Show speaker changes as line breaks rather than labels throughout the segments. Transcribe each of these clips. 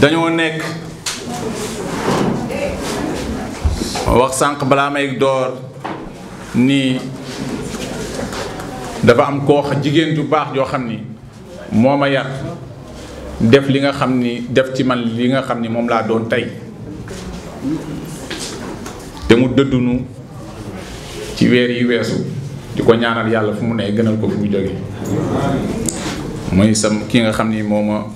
dañoo nekk wax sànq balaa may door nii dafa am koo jigéen ju baax joo xam ni moo ma yar def li nga xam ni def ci man li nga xam ni moom laa doon tey te mu dëddunu ci weer yi weesu di ko ñaanal yàlla fu mu ne gënal ko fu mu jóge mooy sam ki nga xam ni moo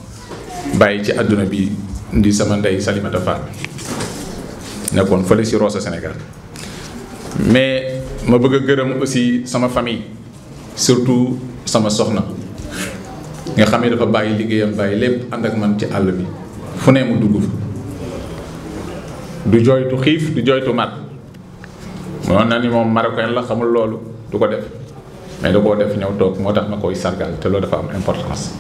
baye ci aduna bi di sama ndey Salimata Fall nekkoon fele si rosa senegal, mais ma bëgg a aussi sama famille surtout sama soxna nga xamé dafa baye liggéeyam baye lepp and ak man ci all bi fune mu dugg fa du jooytu xif du mat mo nani mom moom marocain la xamul lolu du ko def mais da ko def ñëw tok motax makoy ma sargal te lolu dafa am importance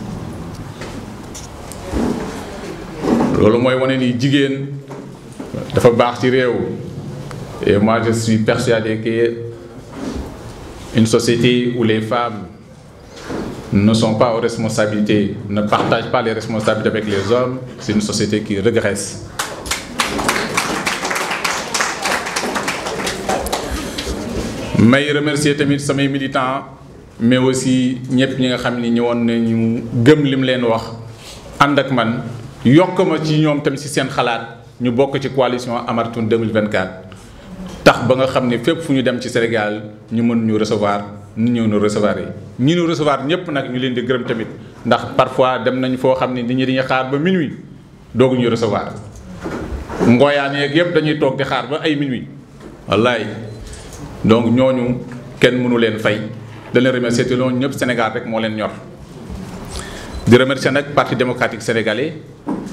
et moi je suis persuadé qu'une société où les femmes ne sont pas aux responsabilités ne partagent pas les responsabilités avec les hommes c'est une société qui regresse. Mais remercier tamit mes militants mais aussi les ñi nga ont yokuma ci ñom tam ci seen xalaat ñu bokk ci coalition Amartune 2024 tax ba nga xam fepp fépp fu ñu dem ci Sénégal ñu mën ñu recevoir ñu ñëw ñu recevoir yi ñi ñu recevoir ñëpp nak ñu leen di gërëm tamit ndax parfois dem nañ fo xam ne nit ñi dañuy xaar ba minuit dogu ñu recevoir ngoyaan yeeg yëpp dañuy toog di xaar ba ay minuit wallaay donc ñooñu kenn mënu leen fay da leen remercier te loolu ñëpp Sénégal rek moo leen ñor di remercier nag Parti démocratique sénégalais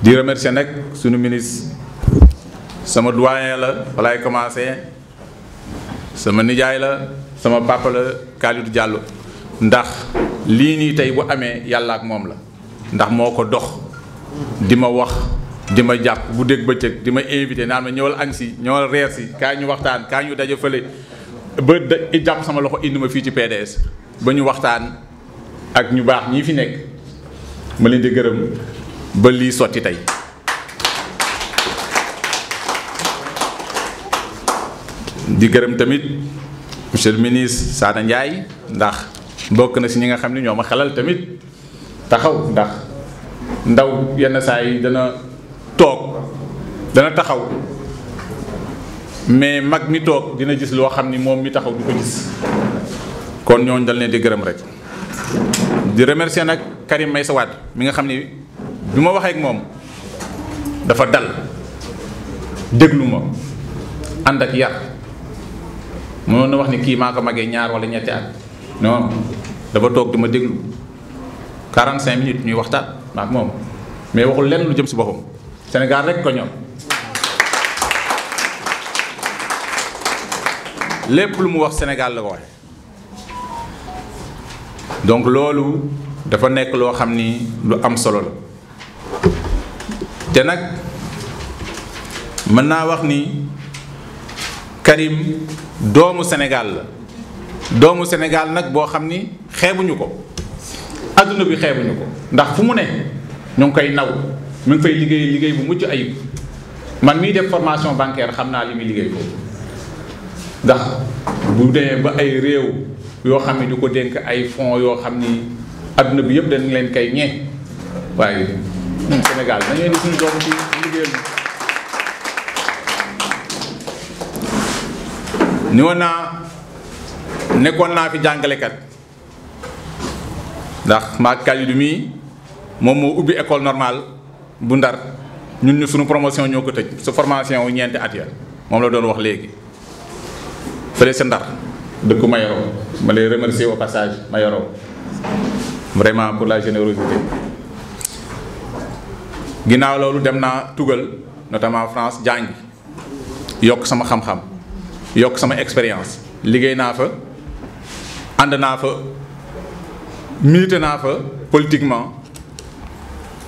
di remercier nag sunu ministre sama doyen la walaay commencé sama nijaay la sama papa la Kalidou Diallo ndax lii nii tey bu amee yàlla ak moom la ndax moo ko dox di ma wax di ma jàpp bu dégg bëccëg di ma invité naan ma ñëwal añ si ñëwal reer si kaa ñu waxtaan kaa ñu daje fële ba jàpp sama loxo indi ma fii ci pedes ba ñu waxtaan ak ñu baax ñii fi nekk ma leen di gërëm ba lii sotti tey di gërëm tamit monsieur le ministre Sada Ndiaye ndax bokk na si ñi nga xam ne ñoo ma xelal tamit taxaw ndax ndaw yenn saa yi dana toog dana taxaw mais mag mi toog dina gis loo xam ni moom mi taxaw du ko gis kon ñooñu dal ne di gërëm rek di remercier nag Karim Meïssa Wade mi nga xam ni bi waxe ak mom dafa dal degluma ma ànd ak yar mënoon na wax ni ki maa magge ñaar wala ñetti at non dafa tok di deglu 45 minutes ñuy waxtat mak mom, mais waxul lenn lu jëm ci boppam senegal rek ko ñom lepp lu mu wax senegal la ko donc lolu dafa nek lo xamni lu am solo la. te nag mën naa wax ni Karim doomu Sénégal la doomu Sénégal nag boo xam ni xeebuñu ko adduna bi xeebuñu ko ndax fu mu ne ñoo ngi koy naw mu ngi fay liggéey liggéey bu mucc ayib man mii def formation bancaire xam naa li muy liggéey ko ndax bu demee ba ay réew yoo xam ne du ko dénk ay fonds yoo xam ni àdduna bi yëpp dañ leen koy ñee waaye ñun Sénégal ni woon naa nekkoon naa fi jàngalekat ndax maag Kalidou mii moom moo ubbi école normal bu Ndar ñun ñu suñu promotion ñoo ko tëj su formation wu ñeenti at ya moom la doon wax léegi fële sa Ndar dëkku Mayoro ma lay remercier au passage Mayoro vraiment pour la générosité ginnaaw loolu dem naa tugal notamment France jàngi yokk sama xam-xam yokk sama expérience liggéey naa fa ànd naa fa milité naa fa politiquement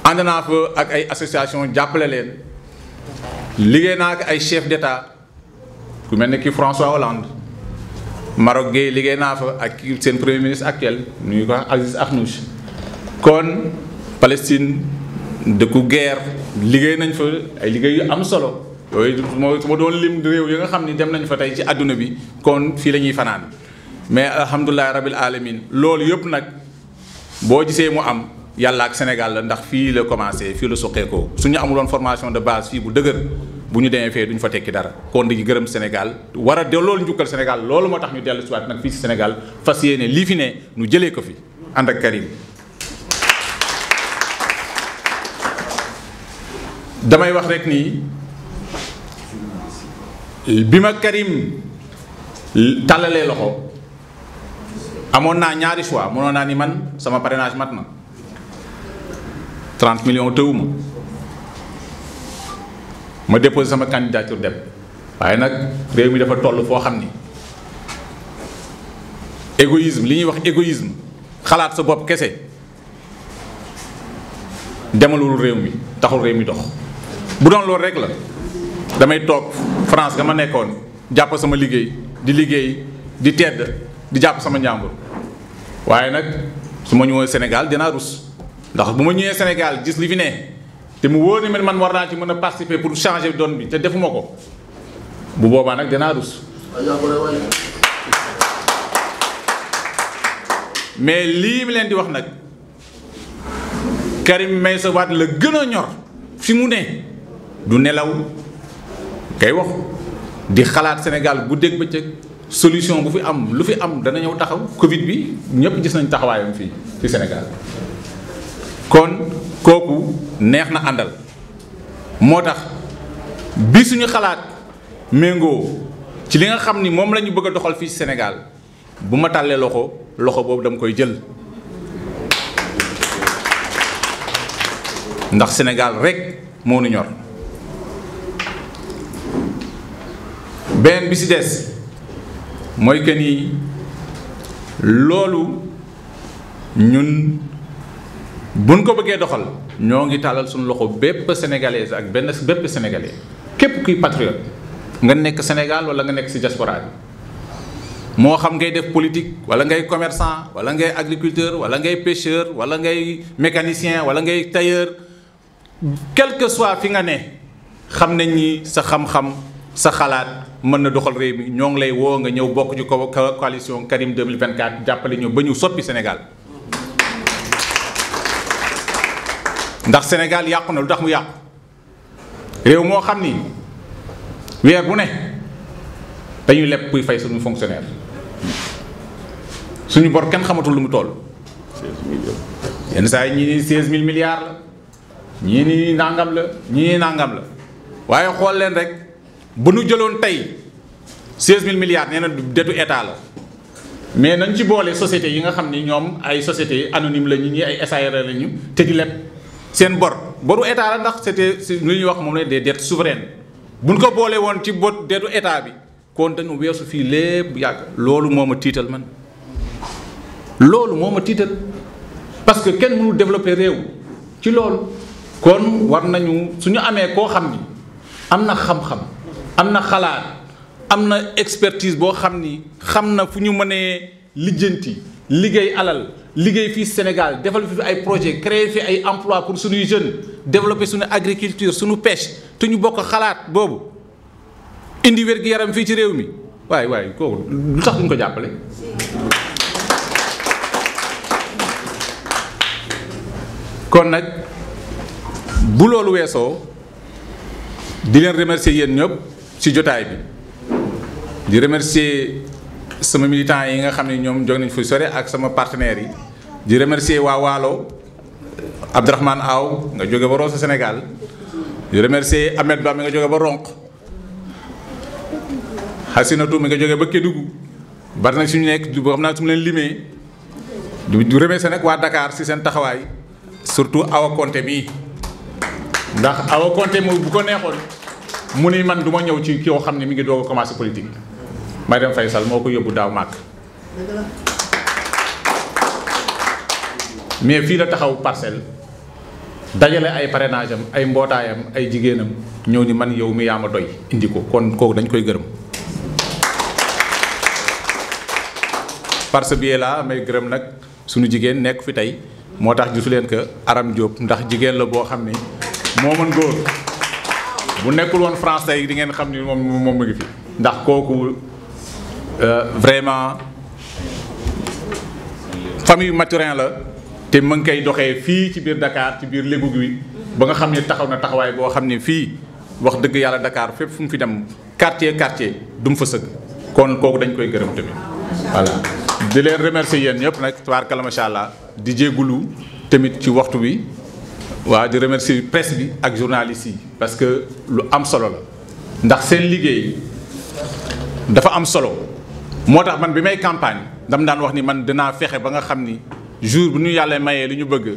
ànd naa fa ak ay association jàppale leen liggéey naa ak ay chef d'état ku mel ni ki François Hollande Maroc Gueye liggéey naa fa ak seen premier ministre actuel ñu ngi ko Aziz Akhnouch kon Palestine dëkku guerre liggéey nañ fa ay liggéey yu am solo yooyu moo su ma doon lim réew yi nga xam ni dem nañu fa tey ci àdduna bi kon fii la ñuy fanaan mais alhamdulilah rabil alamin loolu yëpp nag boo gisee mu am yàlla ak Sénégal la ndax fii la commencé fii la soqeekoo su ñu amuloon formation de base fii bu dëgër bu ñu demee fee ñu fa tekki dara kon di gërëm Sénégal war a de loolu njukkal Sénégal loolu moo tax ñu dellu si waat nag fii si Sénégal fas yéene lii fi ne ñu jëlee ko fi ànd ak Karim damay wax rek nii bi ma Karim tàllalee loxo amoon naa ñaari choix mënoon naa ni man sama parrainage mat na trent million tëwuma ma déposé sama candidature dem waaye nag réew mi dafa toll foo xam ni égoïsme li ñuy wax égoïsme xalaat sa bopp kese demalul réew mi taxul réew mi dox bu doon loolu rek la damay toog France ga ma nekkoon jàpp sama liggéey di liggéey di tedd di jàpp sama njàmbur waaye nag su ma ñëwee Sénégal dinaa rus ndax bu ma ñëwee Sénégal gis li fi ne te mu wóor ni man war naa ci mën a participer pour changer donne bi te defuma ko bu boobaa nag dinaa rus. mais lii mi leen di wax nag Karim Meïssa Wade la gën a ñor fi mu ne. du nelaw kay wax di xalaat Sénégal guddeeg bëccëg solution bu fi am lu fi am dana ñëw taxaw Covid bi ñëpp gis nañ taxawaayam fii ci Sénégal kon kooku neex na àndal moo tax bi suñu xalaat méngoo ci li nga xam ni moom la bëgg a doxal fii Sénégal bu ma tàllee loxo loxo boobu dama koy jël ndax Sénégal rek moo nu ñor. beneen bi si des mooy que ni loolu ñun buñ ko bëggee doxal ñoo ngi tàllal suñu loxo bépp sénégalaise ak benn bépp sénégalais képp kuy patriote nga nekk Sénégal wala nga nekk si diaspora bi moo xam ngay def politique wala ngay commerçant wala ngay agriculteur wala ngay pêcheur wala ngay mécanicien wala ngay tailleur quelque que fi nga ne xam nañ ni sa xam-xam sa xalaat mën na doxal réew mi ñoo ngi lay woo nga ñëw bokk ci ko coalition Karim 2024 jàppale ñu ba ñu soppi Sénégal ndax Sénégal yàqu na lu tax mu yàqu réew moo xam ni weer bu ne dañuy lepp kuy fay suñu fonctionnaire suñu bor kenn xamatul lu mu toll. 16000 yenn saa yi ñii nii 16000 ñii nii nangam la ñii nii nangam la waaye xool leen rek. bu nu jëloon tey 16000 milliards nee na detu état la mais nañ ci boole société yi nga xam ni ñoom ay société anonyme la ñu ñi ay SARL la ñu te di leb seen bor boru état la ndax c'était lu ñuy wax moom la dee dettes souveraines bu ko boole woon ci bot detu état bi kon dañu weesu fii lépp yàgg loolu moom a tiital man loolu moom a tiital parce que kenn mënul développer réew ci loolu kon war nañu su ñu amee koo xam ni am na xam-xam amna khalat, xalaat expertise boo xam ni xam na fu ñu alal Sénégal développer fi ay projet créer fi ay emploi pour suñu jeunes développer suñu agriculture suñu pêche te ñu bokk xalaat indi wér-gu-yaram fii ci réew mi waay waay lu tax duñ ko jàppale kon remercier ci jotaay bi di remercier sama militant yi nga xamni ñom jog nañ fu sore ak sama partenaire yi di remercier wa walo Abdourahmane Aw nga joge ba Rosso senegal di remercier Ahmed bam nga joge ba Ronk Hasinatou mi nga joge ba kedugu bari nag suñu nek du xam naa su mu leen limee du remercier nag wa Dakar ci sen taxaway surtout Awa Konté ndax Awa Konté mo bu ko mu ni man du ma ñëw ci koo xam ne mu ngi doog a commencé politique Marième Faye Sall moo ko yóbbu daaw màkk mais fii la taxaw parcelle dajale ay parrainage ay mbootaayam ay jigéenam ñëw ni man yow mi yaa ma doy indi ko kon kooku dañ koy gërëm par ce biais may gërëm nag suñu jigéen nekk fi tey moo tax gisu leen que Aram Diop ndax jigéen la boo xam ni moo mën góor bu nekul won français yi di ngeen xam ni mom moom mu ngi fi ndax koku euh vraiment famille maturin la té mang kay doxé fi ci biir Dakar ci biir léegu gui ba nga xam ne taxaw na taxaway bo xam ne fii wax deug yalla Dakar fep fu mu fi dem quartier quartier dum mu fa sëgg kon koku dañ koy gëreum tamit voilà di len remercier yéen ñëpp nag tubaarkalla macha allah di jéggulu tamit ci waxtu bi Je remercie remercier presse et le journalistes parce que lu am solo la ndax dafa am solo suis campagne dam daan wax ni man en Je suis en jour bu